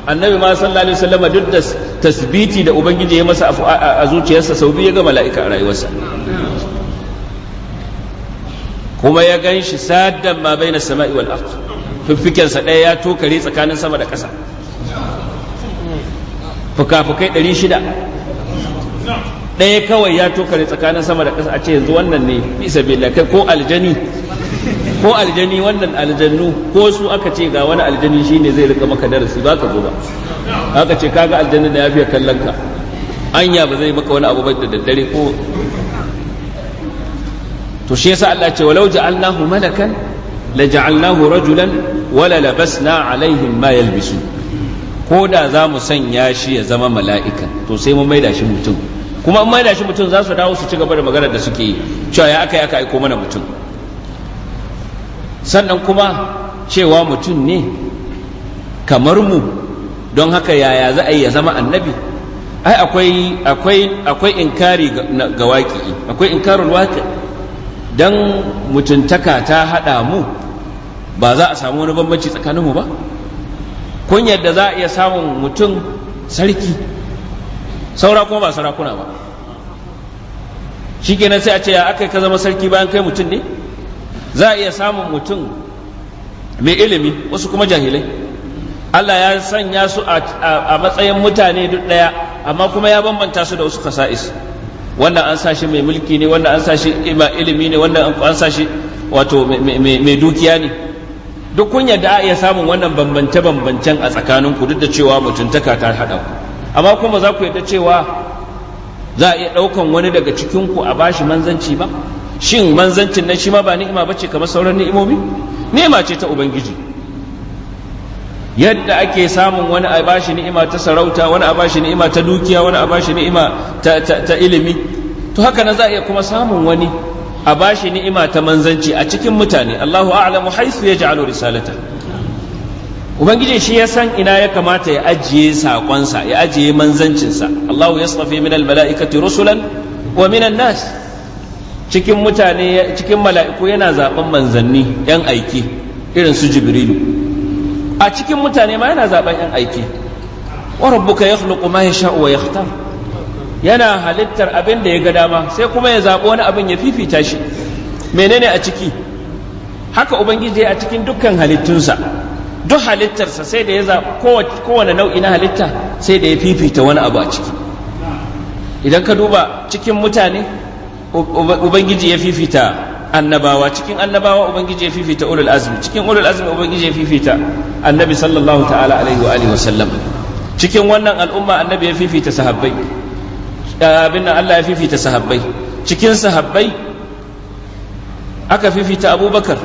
S1: annabi ma sallallahu alaihi wasallam duk da tasbiti da ubangiji ya masa a zuciyarsa sau biyu ya ga mala'ika a rayuwarsa kuma ya gan shi saddan ma bai na sama'i wal ard fiffikensa ɗaya ya tokare tsakanin sama da ƙasa fuka-fukai ɗari shida ɗaya kawai ya tokare tsakanin sama da ƙasa a ce yanzu wannan ne bisa billah kai ko aljani ko aljani wannan aljannu ko su aka ce ga wani aljani shine zai rika maka darasi ba ka zo ba aka ce kaga aljanna da ya fiye kallon ka anya ba zai maka wani abu ba da daddare ko to shi yasa Allah ce walau ja'alnahu malakan la ja'alnahu rajulan wala labasna alaihim ma yalbisu ko da za mu sanya shi ya zama mala'ika to sai mun maida shi mutum kuma an maida shi mutum za su dawo su ci gaba da maganar da suke yi cewa ya aka yi aka aiko mana mutum sannan kuma cewa mutum ne kamar mu don haka yaya za a yi ya zama annabi ai akwai akwai akwai inkari ga waƙi akwai inkarul waƙi dan mutuntaka ta haɗa mu ba za a samu wani bambanci tsakaninmu ba kun yadda za a iya samun mutum sarki saura kuma ba sarakuna ba shikenan sai a ce ya aka ka zama sarki bayan kai mutum ne za a iya samun mutum mai ilimi wasu kuma jahilai Allah ya sanya su a matsayin mutane duk ɗaya amma kuma ya bambanta su da wasu kasa'is wannan an sa mai mulki ne wannan an sa shi ilimi ne wannan an sa wato mai dukiya ne duk kun yadda a iya samun wannan bambance-bambancen a tsakaninku duk da cewa mutuntaka ta haɗa ku amma kuma za ku yadda cewa za a iya ɗaukan wani daga cikinku a bashi manzanci ba shin manzancin nan shi ma ba ni'ima ce kamar sauran ni'imomi ni'ima ce ta ubangiji yadda ake samun wani a bashi ni'ima ta sarauta wani a bashi ni'ima ta dukiya wani a bashi ni'ima ta, ta, ta ilimi to haka na za a iya kuma samun wani a bashi ni'ima ta manzanci a cikin mutane Allahu a'lamu haythu yaj'alu risalata ubangiji shi ya san ina ya kamata ya ajiye sakonsa ya ajiye manzancinsa Allahu yastafi min al-mala'ikati rusulan wa min an-nas cikin mutane cikin mala'iku yana zaben manzanni yan aiki irin su jibrilu a cikin mutane ma yana zaben yan aiki wa rabbuka yakhluqu ma yasha'u wa yakhtar yana halittar abin da ya ga dama sai kuma ya zaɓi wani abin ya fifita shi menene a ciki haka ubangiji a cikin dukkan halittunsa duk halittarsa sai da ya zaɓi kowane nau'i na halitta sai da ya fifita wani abu a ciki idan ka duba cikin mutane ubangiji ya fifita annabawa cikin annabawa ubangiji ya fifita ulul azmi cikin ulul azmi ubangiji ya fifita annabi sallallahu ta'ala alaihi wa alihi wa sallam cikin wannan al'umma annabi ya fifita sahabbai abin nan Allah ya fifita sahabbai cikin sahabbai aka fifita abubakar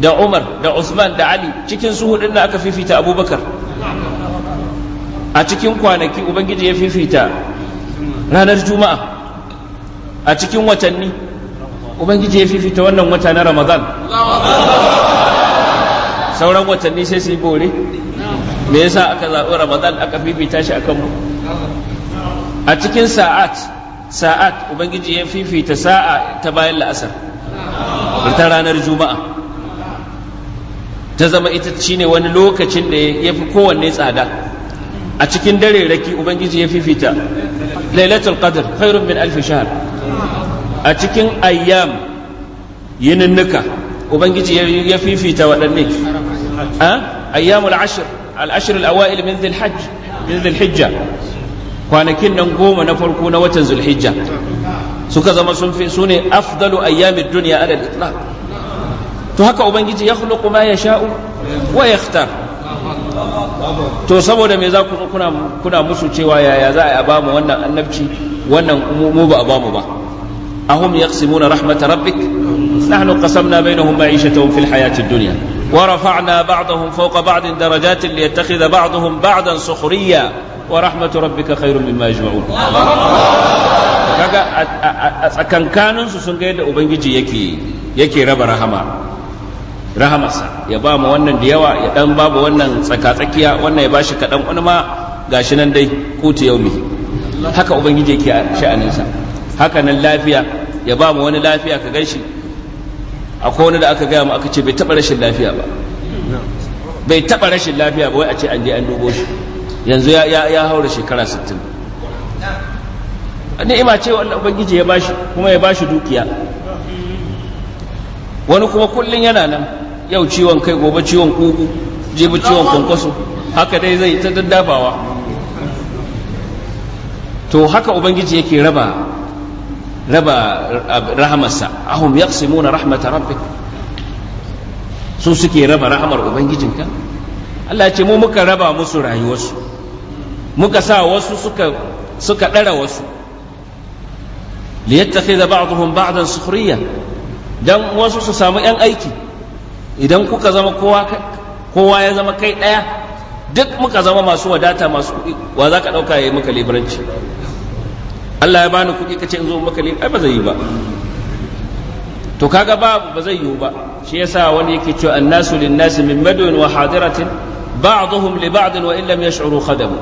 S1: da umar da usman da ali cikin su hudun aka fifita abubakar a cikin kwanaki ubangiji ya fifita ranar juma'a a cikin watanni ubangiji ya fifita wannan wata na ramadan sauran watanni sai su yi bore me yasa aka zaɓi ramadan aka fifita shi akan mu a cikin sa'at sa'at ubangiji ya fifita sa'a ta bayan la'asar ta ranar juma'a ta zama ita shine wani lokacin da ya fi kowanne tsada a cikin dare raki ubangiji ya fifita lailatul qadr khairun min alf shahr a cikin ayyam yininnuka ubangiji ya fifita waɗanne ayyamul ashir al'ashir al'awa'il min al-hijja kwanakin nan goma na farko na watan zulhijja suka zama sun fi su ne afdalu ayyamid duniya ala al-itlaq to haka ubangiji ya khluqu ma yasha'u wa yakhtar to saboda me za ku zo kuna kuna musu cewa yaya za a ba mu wannan annabci wannan mu ba a ba mu ba ahum yaqsimuna rahmat rabbik nahnu qasamna bainahum ma'ishatahum fil hayatid dunya ورفعنا بعضهم فوق بعض درجات ليتخذ بعضهم بعضا سخريا ورحمة ربك خير مما يجمعون kaga a tsakankaninsu sun ga yadda ubangiji yake yake raba rahama rahamarsa ya ba mu wannan da yawa ya dan babu wannan tsakatsakiya wannan ya ba shi kaɗan wani ma gashi nan dai kutu yaumi haka ubangiji yake sha'aninsa haka nan lafiya ya ba mu wani lafiya ka gan shi a wani da aka gaya mu aka ce bai taɓa rashin lafiya ba bai taɓa rashin lafiya ba wai a ce an je an dubo shi yanzu ya haura shekara 60 ni'ima ce wanda ubangiji ya bashi kuma ya bashi dukiya wani kuma kullum yana nan yau ciwon kai gobe ciwon kugu jibi ciwon kwankwaso haka dai zai ta daddabawa. to haka ubangiji yake raba raba rahamarsa ahum yaqsimuna rahmata rabbik su suke raba rahamar ubangijinka Allah ce mu muka raba musu rayuwarsu muka sa wasu suka suka ɗara wasu liyattakhidha ba'dhum ba'dan sukhriya dan wasu su samu yan aiki idan kuka zama kowa ya zama kai ɗaya duk muka zama masu wadata masu kuɗi wa za ka ɗauka ya yi maka leburanci Allah ya bani kuɗi kace ce in zo maka leburanci ai ba zai yi ba to kaga babu ba zai yiwu ba shi yasa wani yake cewa annasu linnasi min madun wa hadiratin ba'dhum li ba'd wa illam yash'uru khadam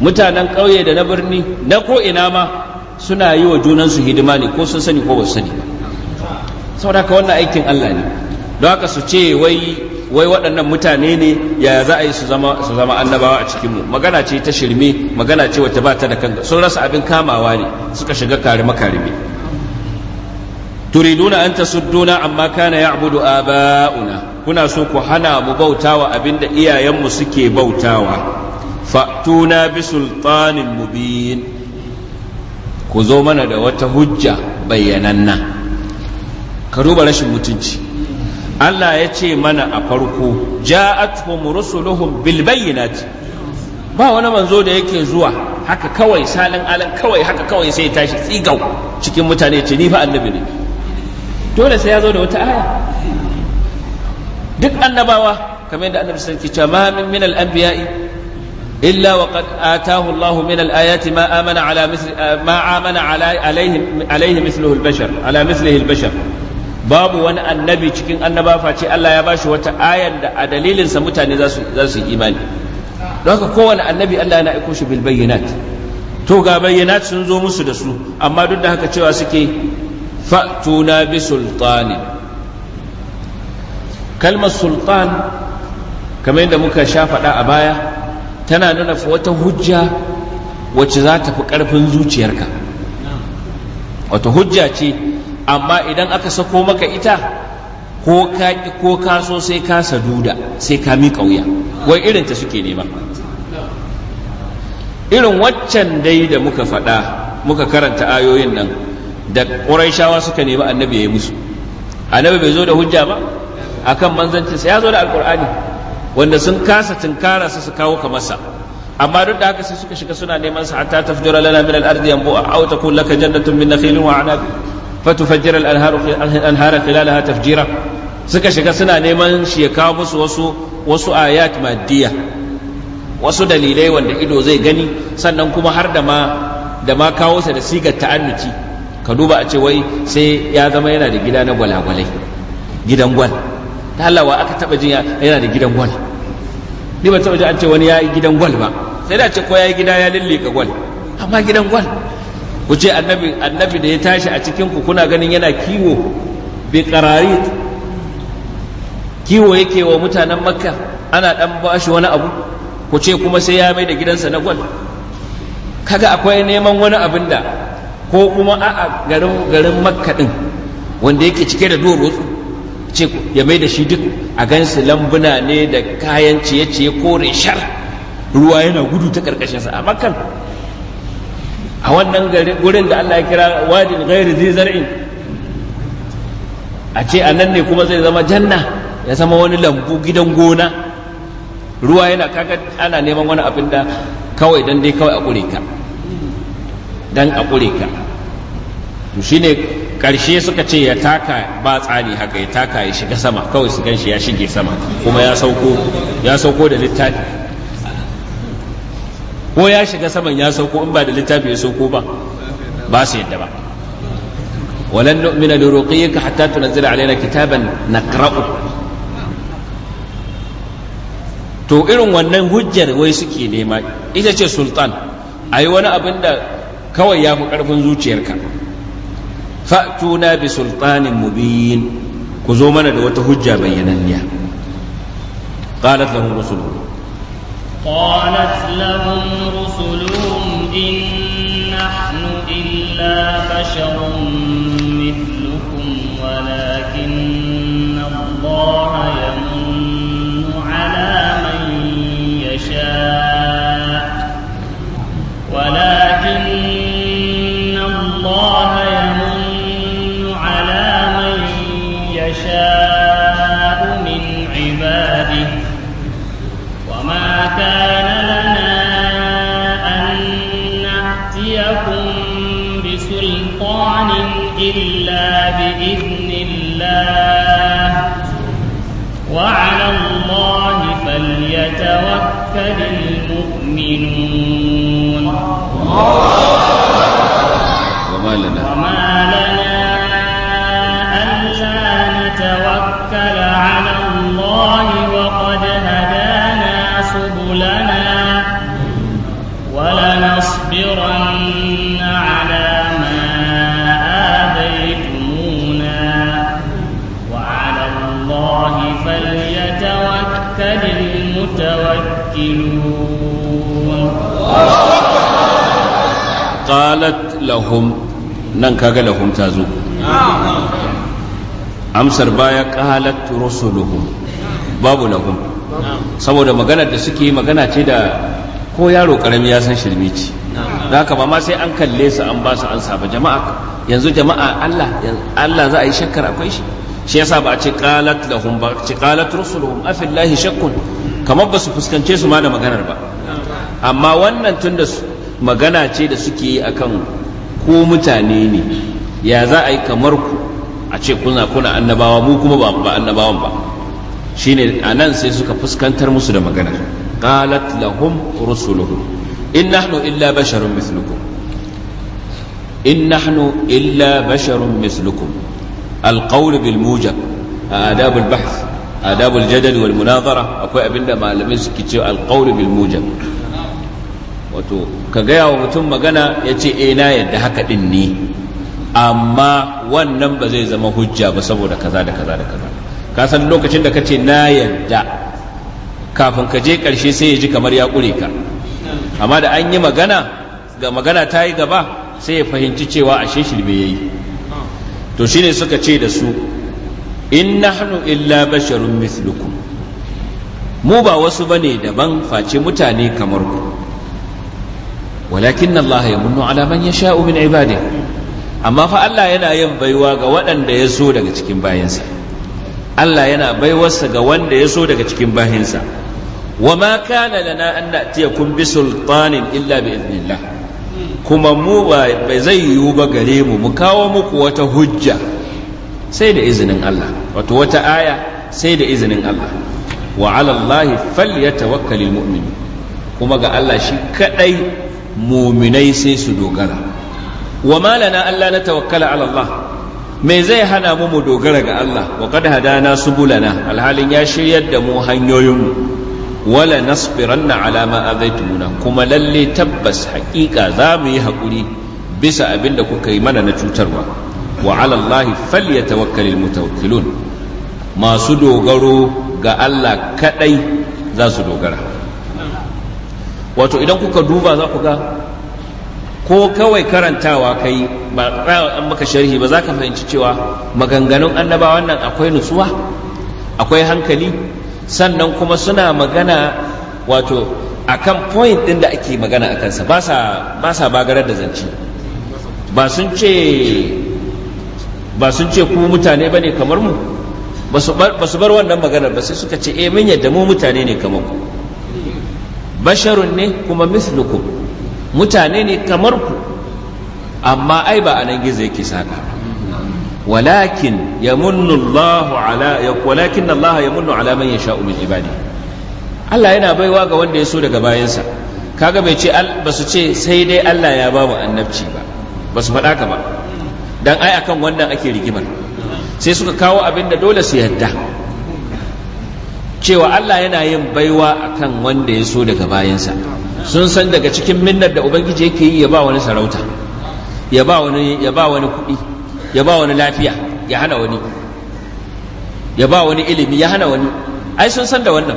S1: mutanen ƙauye da na birni na ko ina ma suna yi wa junansu hidima ne ko sun sani ko ba sani ba saboda haka wannan aikin Allah ne don haka su ce wai waɗannan mutane ne yaya za a yi su zama annabawa a cikinmu magana ce ta shirme magana ce wacce ba ta da kanga sun rasa abin kamawa ne suka shiga kare karime turiduna an ta suduna amma kana ya ya'budu aba'una kuna so ku hana mu bauta wa abin da iyayenmu suke bautawa fa'tuna bi sultanin mubin ku zo mana da wata hujja bayyananna ka duba rashin mutunci Allah ya ce mana a farko ja'atuhum rusuluhum bil bayyinati ba wani manzo da yake zuwa haka kawai salin alan kawai haka kawai sai ya tashi tsigau cikin mutane ce ni fa annabi ne dole sai ya zo da wata aya duk annabawa kamar yadda annabi sarki cewa ma min min al anbiya'i illa wa qad atahu Allahu min al ayati ma amana ala misli ma amana ala alayhi alayhi mithluhu al bashar ala mithlihi al bashar babu wani annabi cikin annaba face Allah ya bashi wata ayar da a dalilinsa mutane za su yi imani don haka kowane annabi Allah yana aiko shi bil to ga sun zo musu da su amma duk da haka cewa suke fa'tuna bi sultani. kalmar sultan kamar yadda muka sha faɗa a baya tana nuna wata hujja wacce za ta fi ƙarfin zuciyarka wata hujja ce amma idan aka sako maka ita ko ka ko ka so sai ka saduda sai ka mi kauya wai irin ta suke nema irin waccan dai da muka faɗa muka karanta ayoyin nan da ƙurayshawa suka nemi annabi ya yi musu annabi bai zo da hujja ba akan sai ya zo da alƙur'ani wanda sun kasa tunkara su su kawo ka masa? amma duk da haka sai suka shiga suna neman sa hatta tafjura lana min al-ardi yanbu'a aw takun laka jannatun min nakhilin wa anabi fatufajjira al-anhara khilalaha tafjira suka shiga suna neman shi ya kawo musu wasu wasu ayat maddiya wasu dalilai wanda ido zai gani sannan kuma har da ma da ma kawo sa da sigar ta'annuci ka duba a ce wai sai ya zama yana da gida na gwalagwalai gidan gwal ta Allah wa aka taba jin yana da gidan gwal ni ba taba jin an ce wani ya yi gidan gwal ba sai da ce ko ya gida ya lille ga gwal amma gidan gwal ku ce annabi da ya tashi a cikin ku kuna ganin yana kiwo bi karari kiwo yake wa mutanen makka ana dan bashi wani abu ku ce kuma sai ya mai da gidansa na gwal kaga akwai neman wani abin da ko kuma a garin garin makka din wanda yake cike da doro ce ya mai da shi duk a gansu lambuna ne da kayan ciye-ciye kore shar ruwa yana gudu ta karkashinsa a makkan a wannan gurin da Allah ya kira wadin ghairu zai zar'in a ce a nan ne kuma zai zama janna ya zama wani lambu gidan gona ruwa yana kaga ana neman wani abin da kawai dan dai kawai a kure ka dan a kure ka to shine karshe suka ce ya taka ba tsani haka ya taka ya shiga sama kawai su ganshi ya shige sama kuma ya sauko ya sauko da littafi ko ya shiga saman ya sauko in ba da littafi ya sauko ba ba su yadda ba walan nu'mina li ruqiyyika hatta tunzila alaina kitaban naqra'u to irin wannan hujjar wai suke nema ita ce sultan ayi wani abin da kawai ya fi karfin zuciyarka fa'tuna bi sultanin mubin ku zo mana da wata hujja bayyananniya qalat lahum rusuluhum
S2: قالت لهم رسلهم إن نحن إلا بشر مثلكم ولكن الله يموت بإذن الله وعلى الله فليتوكل المؤمنون وما لنا متوكلون
S1: قالت لهم نن كاغا لهم تازو amsar baya qalat rusuluhum babu lahum saboda magana da suke magana ce da ko yaro karami ya san shirme ce haka ba ma sai an kalle su an ba su ansa ba jama'a yanzu jama'a Allah Allah za a yi shakkar akwai shi shi yasa ba a ce qalat lahum ba ce qalat rusuluhum afillahi shakkun kamar ba su fuskance su ma da maganar ba amma wannan tunda magana ce da suke yi akan ko mutane ne ya za a yi kamar ku a ce kuna kuna annabawa mu kuma ba ba annabawan ba shine nan sai suka fuskantar musu da maganar qalat lahum rusuluhum in nahnu illa basharun mislukum in nahnu illa basharun mislukum alqawl bil mujab adab al bahth adab al jadal wal munazara akwai abinda malamai suke ce alqawl wato ka gaya wa mutum magana ya ce eh na yadda haka din ne amma wannan ba zai zama hujja ba saboda kaza da kaza da kaza ka san lokacin da ka ce na yadda kafin ka je karshe sai ya ji kamar ya kure ka amma da an yi magana ga magana ta yi gaba sai ya fahimci cewa ashe shirme ya yi to shine suka ce da su in nahnu illa basharun mithlukum mu ba wasu bane daban face mutane kamar ku walakin Allah ya munnu ala man yasha'u min ibadihi amma fa Allah yana yin baiwa ga waɗanda ya so daga cikin bayansa Allah yana baiwarsa ga wanda ya so daga cikin bayansa wa ma kana lana an na'tiyakum bi sultanin illa bi idnillah kuma mu ba zai yiwu ba gare mu mu kawo muku wata hujja sai da izinin Allah wato wata aya sai da izinin Allah wa ala Allah falyatawakkalul mu'min kuma ga Allah shi kadai muminai sai su dogara wa malana Allah na tawakkala ala Allah me zai hana mu mu dogara ga Allah wa qad hadana subulana alhalin ya shiryar da mu hanyoyinmu wala nasbiranna ala ma azaitumuna kuma lalle tabbas haƙiƙa za mu yi haƙuri bisa abin da kuka yi mana na cutarwa wa ala allahi falyatawakkalul mutawakkilun masu dogaro ga Allah kadai za su dogara wato idan kuka duba za ku ga ko kawai karantawa kai ba an maka sharhi ba za ka fahimci cewa maganganun annabawan nan akwai nutsuwa akwai hankali sannan kuma suna magana wato a kan point ɗin da ake magana a kansa ba sa bagarar da zance ba sun ce ku mutane ba ne kamar mu ba su bar wannan maganar ba sai suka ce eh mun yadda mu mutane ne kamar ku basharun ne kuma mislukum mutane ne kamar ku amma ai ba a nan gizo yake saka ba walakin munnu Allahu ala walakin Allah yamunnu ala man yasha'u min ibadi Allah yana baiwa ga wanda ya so daga bayansa kaga bai ce ba su ce sai dai Allah ya ba mu annabci ba ba su faɗa ka ba dan ai akan wannan ake rigimar sai suka kawo abin da dole su yadda cewa Allah yana yin baiwa akan wanda ya so daga bayansa sun san daga cikin minnar da ubangiji yake yi ya ba wani sarauta ya ba wani ya ba wani kuɗi ya ba wani lafiya ya hana wani ya ba wani ilimi ya hana wani ai sun san da wannan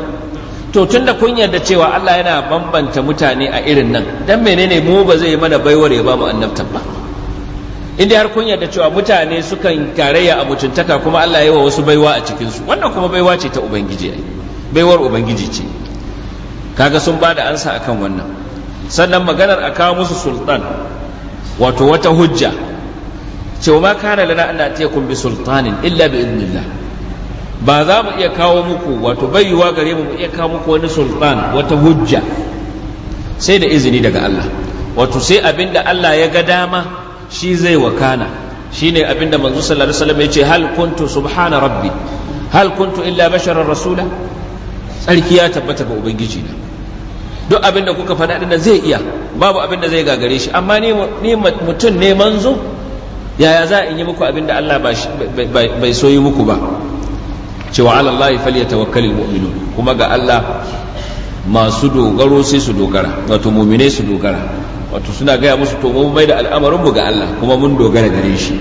S1: to tun da kun yarda cewa Allah yana bambanta mutane a irin nan dan menene mu ba zai mana baiwar ya ba mu annabtan ba inda har kun yarda cewa mutane sukan tarayya a mutuntaka kuma Allah ya wa wasu baiwa a cikin su wannan kuma baiwa ce ta ubangiji ai baiwar ubangiji ce kaga sun bada ansa akan wannan sannan maganar a kawo musu sultan wato wata hujja cewa ma kana lana an atiyakum bi sultanin illa bi idnillah ba za mu iya kawo muku wato bayyuwa gare mu mu iya kawo muku wani sultan wata hujja sai da izini daga Allah wato sai abinda Allah ya ga dama shi zai wakana shine abin da manzo sallallahu alaihi wasallam ya ce hal kuntu subhana rabbi hal kuntu illa basharar rasula tsarki ya tabbata ga ubangiji na duk abinda kuka faɗa dinnan zai iya babu abinda zai zai gagare shi amma ni mutum ne manzo yaya za in yi muku abin da Allah bai so yi muku ba cewa ala Allah falyatawakkalul mu'minun kuma ga Allah masu dogaro sai su dogara wato mu'minai su dogara wato suna gaya musu to mu mai da al'amarin mu ga Allah kuma mun dogara gare shi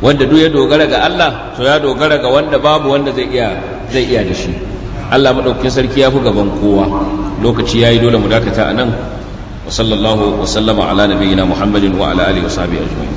S1: wanda duk ya dogara ga Allah to ya dogara ga wanda babu wanda zai iya zai iya da shi Allah madaukakin sarki ya fi gaban kowa
S2: lokaci yayi dole mu dakata anan wa sallallahu wa sallama ala nabiyyina muhammadin wa ala alihi wa sahbihi ajma'in